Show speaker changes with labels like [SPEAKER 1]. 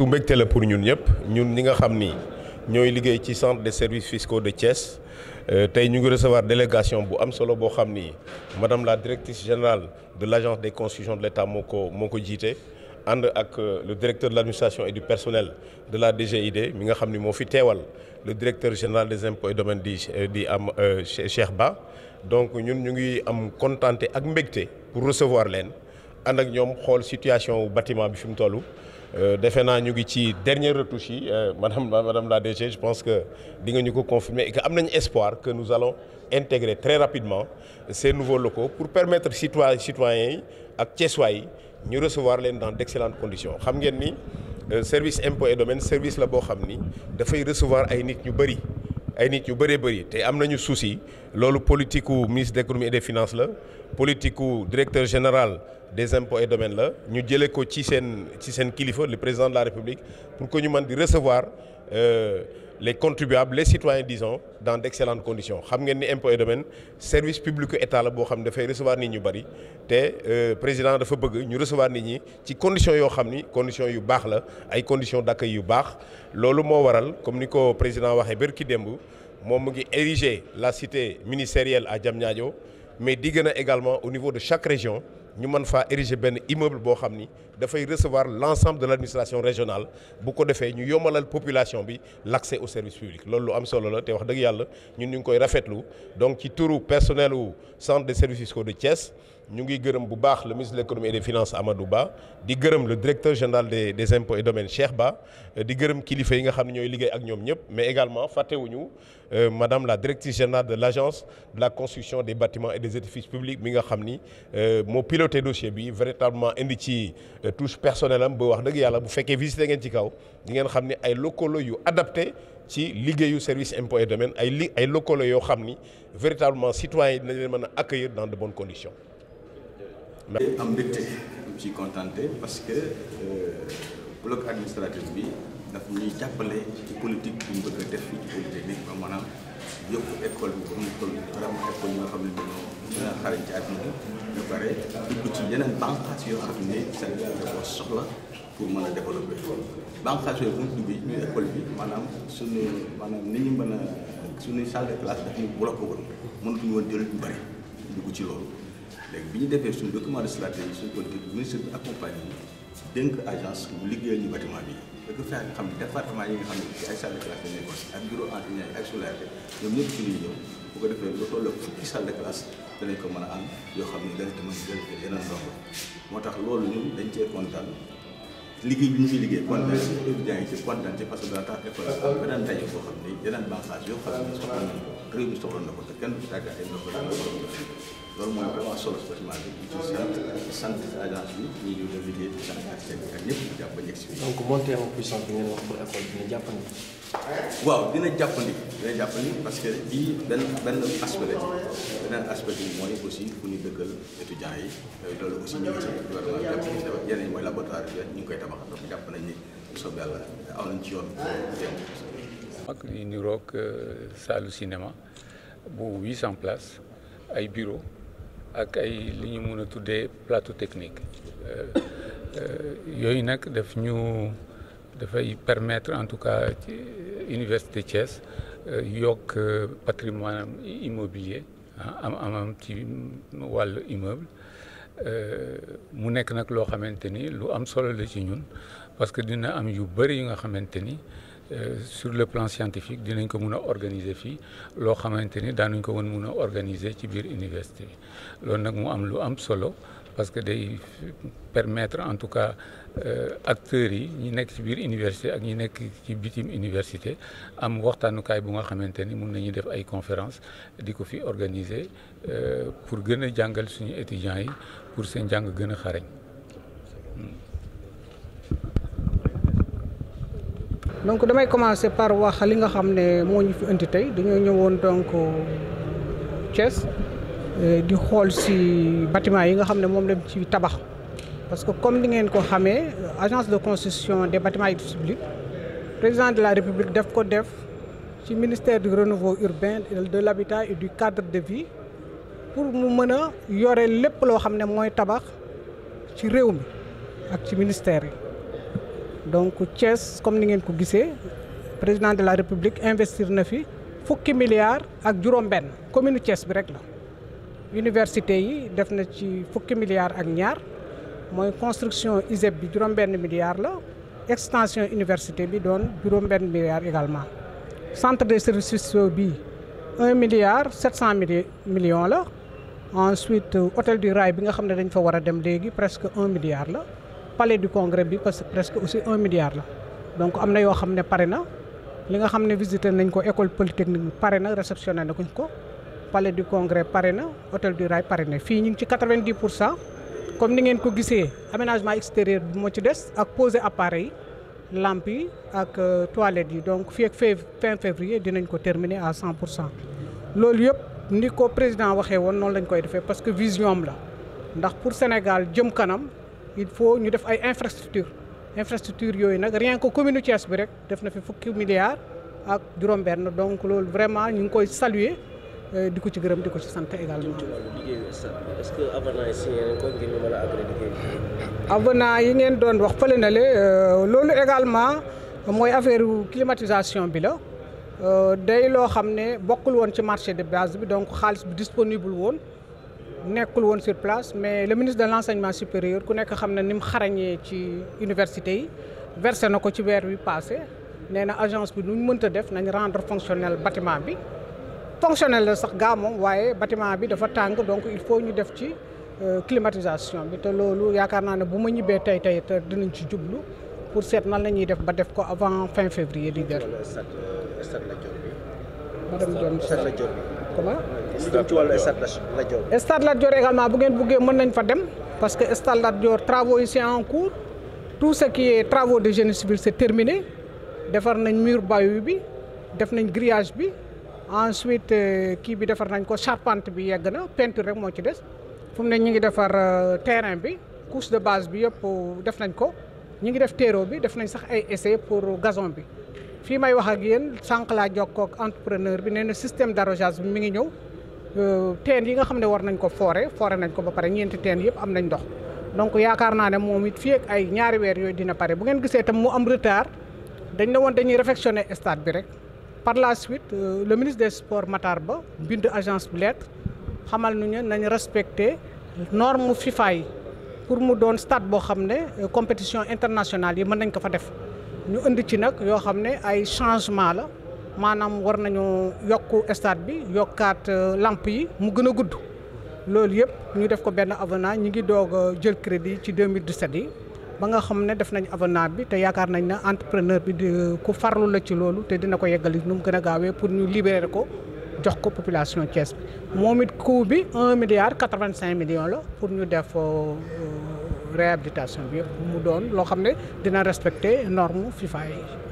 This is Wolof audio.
[SPEAKER 1] su mbégte la pour ñun ñëpp ñun ñi nga xam ni ñooy liggéey ci centre des services fiscaux de Thiès euh, tey ñu ngi recevoir délégation bu am solo boo xam ni madame la directrice générale de l' agence des constitutions de l' ko moo ko jiite. ànd ak euh, le directeur de l'administration et du personnel de la DGID mi nga xam ni moo fi teewal le directeur des impôts et domaines di euh, di am Cheikh Ba donc ñun ñu ngi am kontaante ak mbégte pour recevoir leen ànd ak ñoom xool situation bâtiment bi fi mu toll. Euh, defe naa ñu ngi ci dernière retouche yi euh, madame madame la DG je pense que di nga ñu ko confirmer et que am nañu espoir que nous allons intégrer très rapidement ces nouveaux locaux pour permettre citoyens citoyens yi ak Thiessois yi ñu recevoir leen dans d'excellentes conditions xam ngeen ni euh, service impôt et domaine service la boo xam ni dafay recevoir ay nit ñu bari ay nit ñu bëree bëri te am nañu souci loolu politique u ministre de l'économie et des finances la politique u directeur général des impôts et domaines la ñu jëlee ko ci seen ci seen kilifa le président de la république pour que ñu man di recevoir euh, les contribuables les citoyens disons dans d'excellentes condition xam ngeen ni impôts et domaines service public état la boo xam ne dafay recevoir nit ñu bari te euh, président dafa bëgg ñu recevoir nit ñi ci conditions yoo xam ni condition yu baax la ay conditions dakk yu baax loolu moo waral comme ni ko président waxee bërki démb moom mu ngi ériger la cité ministérielle à Diamniadio mais di gën a également au niveau de chaque région ñu man faa ériger benn immeuble boo xam ni dafay recevoir l'ensemble de l'administration régionale bu ko defee ñu yombalal population bi l'accès au service public loolu lu am solo la te wax dëgg yàlla ñun ñu ngi koy rafetlu donc ci turu personnel u centre de services fiscaux de Thiès ñu ngi gërëm bu baax le ministre de l'économie et des finances Amadou Ba di gërëm le directeur général des des impôts et domaines Cheikh Ba euh, di gërëm kilifa yi nga xam ne ñooy liggéey ak ñoom ñëpp mais également fàttewuñu euh, madame la directrice générale de l'agence de la construction des bâtiments et des édifices publics mi nga xam ni euh, moo piloté dossier bi véritablement indi ci touche personnelle am ba wax dëgg yàlla bu fekkee visité ngeen ci kaw di ngeen xam ni ay locaux yu adapté liggéeyu service impôt et ay li ay locaux yoo xam ni véritablement citoyens yi dinañ leen mën a accueillir dans de bonnes conditions
[SPEAKER 2] am mbégte am ci kontante parce que euh, bloc administratif bi daf ñuy jàppale ci politique bi ñu bëgg a def fii ci polytechnique ba maanaam yokk école bi comme école vraiment école yi nga xam ne dañoo gën a xarañ ci àdduna ñu pare dugg ci yeneen bànqaas yoo xam ne Sénégal da koo soxla pour mën a développer bànqaas yooyu bu ñu duggee ñu école bi maanaam suñu maanaam ni ñu mën a suñuy salle de classe daf ñu bloqué woon mënatuñu woon jël ñu bëri dugg ci loolu léegi bi ñu defee suñu document de stratégie yi suñu politique ministre bi accompagné ñu dénk agence ñu bâtiment bi dëgg fexe nga xam yi nga xam ne ci ay salle de classe yi nekkoon ak bureau enseignant ko defee lu toll fukki salle de ko mën a am yoo xam ne dana demoon jël yeneen ndongo moo tax loolu ñun dañ cee kontaan liggéey bi ñu ciy liggéey kontaan si étudiants ci kontaan ci parce que dana tax école ba daan daje boo xam ne yeneen banqaas yoo xam ne soxla nañ ko réew mi soxla na ko te kenn du ci tàggat ay ndox la loolu mooy vraiment solo spécialement bi di ci sant sant agence bi ñi ñu doon liggéey di sant ak seen ak ñëpp di jàpp ba yegsi donc montée en puissance bi ngeen wax pour école dina jàppandi waaw dina jàppandi dina jàppandi parce que bii benn benn aspect la ci beneen aspect bi mooy aussi fu ñu dëkkal étudiants yi loolu aussi ñu ngi ci gouvernement bi jàpp yeneen mooy laboratoire bi ñu ngi koy tabax donc jàpp nañ ni bu soobee yàlla aw nañ ci yoon
[SPEAKER 3] mag yu niroog euh, saalu cinéma bu 800 place ay bureau ak ay li ñu mën a tuddee plateau technique euh, euh, yooyu nag daf ñu dafay permettre en tout cas ci université Thiès yokk patrimoine immobilier ah, am amam ci wàllu immeuble mu nekk nag loo xamante ni lu am solo la ci ñun parce que dina am yu bëri yu nga xamante ni Euh, sur le plan scientifique dinañ ko mun a organiser fii loo xamante ni daanuñ ko woon mun a organiser ci biir université bi loolu nag mu am lu am solo parce que day permettre en tout cas euh, acteurs yi ñi nekk ci biir université ak ñi nekk ci bitim université am waxtaanukaay bu nga xamante ni mun nañu def ay conférences di ko fi organiser euh, pour gën a jàngal suñu étudiants yi pour seen jàng gën a xarañ.
[SPEAKER 4] donc damay commencer par wax li nga xam ne moo ñu fi indi tey dañoo ñëwoon donc Thiès eh, di xool si bâtiment yi nga xam ne moom lañ ci tabax parce que comme ni ngeen ko xamee agence de construction des bâtiments et du public président de la république def ko def ci ministère du renouveau urbain de l'habitat et du cadre de vie pour mu mën a yore lépp loo xam ne mooy tabax ci réew mi ak ci ministère yi donc Thiès comme ni ngeen ko gisee président de la république investir na fi fukki milliards ak juróom-benn commune Thiès bi rek la. université yi def na ci fukki milliards ak ñaar mooy construction ISEP bi juróom-benn milliard la extension université bi doon juróom-benn milliard également. centre de services sociaux bi un milliard sept cent mille millions la ensuite hôtel du rail bi nga xam ne dañ fa war a dem léegi presque un milliard la. palais du congrès bi parce que presque aussi un milliard la donc am na yoo xam ne pare na li nga xam ne visité nañ ko école polytechnique bi pare na réceptionné na ko palais du congrès pare na hôtel du Rail pare na fii ñu ngi ci 90 pour cent comme ni ngeen ko gisee aménagement extérieur bi moo ci des ak poser appareil yi lampe yi ak euh, toilettes yi donc fii ak fin février dinañ ko terminer à cent pour cent loolu yëpp ni ko président waxee woon noonu lañ koy defee parce que vision am la ndax pour Sénégal jëm kanam il faut ñu def ay infrastructure infrastructure yooyu nag rien que commune Thiès bi rek def na fi fukki milliards ak juróom-benn donc loolu vraiment ñu ngi koy saluer euh, di ko ci gërëm di ko ci sant également. est yi ngeen doon wax fële na le euh, loolu également mooy affaire climatisation bi la euh, day loo xam ne bokkul woon ci marché de base bi donc xaalis bi disponible woon. nekkul woon sur place mais le ministre de l' enseignement supérieur ku nekk xam na ni mu xarañee ci université yi versé na ko ci weer wi passé nee na agence bi nu ñu mënta def nañ rendre fonctionnel bâtiment bi fonctionnel la sax gaa moom waaye bâtiment bi dafa tàng donc il faut ñu def ci euh, climatisation bi te loolu yaakaar naa ne bu ma ñibbee tey tey te dinañ ci jublu pour seet nan la ñuy def ba def ko avant fin février di der euh, madame Diom
[SPEAKER 2] comment jëm ci wàllu stade Lat Dior.
[SPEAKER 4] stade Lat Dior bu ngeen buggee mën nañ fa dem parce que stade Lat Dior travaux yi c'est en cours tout ce qui est de génie civil c'est terminé defar nañ mur bayu bi def nañ grillage bi ensuite euh, kii bi defar nañ ko charpente bi yegg na peinture rek moo ci des fu mu ne ñu ngi defar euh, terrain bi couche de base bi yëpp euh, def nañ ko ñu ngi def terreau bi def nañ sax ay essai pour gazon bi fii may wax ak yéen sànq laa jokkoo entrepreneur bi nee na système d'arrosage bi mi ngi ñëw. Euh, teen yi nga xam ne war nañ ko foore foore nañ ko ba pare ñeenti teen yëpp am nañ ndox donc yaakaar naa ne moom it fii ay ñaari weer yooyu dina pare bu ngeen gisee tam mu am retard dañ ne woon dañuy réfectionner stade bi rek par la suite euh, le ministre de sports Matar Ba bind agence bi lettre xamal nu ñu nañ respecter norme FIFA yi pour mu doon stade boo xam ne euh, compétition internationale yi mën nañ ko fa def ñu indi ci nag yoo xam ne ay changement la maanaam war nañu yokk stade bi yokkaat euh, lamp yi mu gën a gudd loolu yëpp ñu def ko benn avenant ñi ngi doog a jël crédit ci 2017 yi ba nga xam ne def nañ avenant bi te yaakaar nañ ne entrepreneur bi di ku farlu la ci loolu te dina ko yeggali nu mu gën a gaawee pour ñu libérer ko jox ko population Thiès bi moom it coût bi un milliard quatre-vingt-cinq millions la pour ñu def euh, réhabilitation bi yëpp mu doon loo xam ne dina respecter norme FIFA yi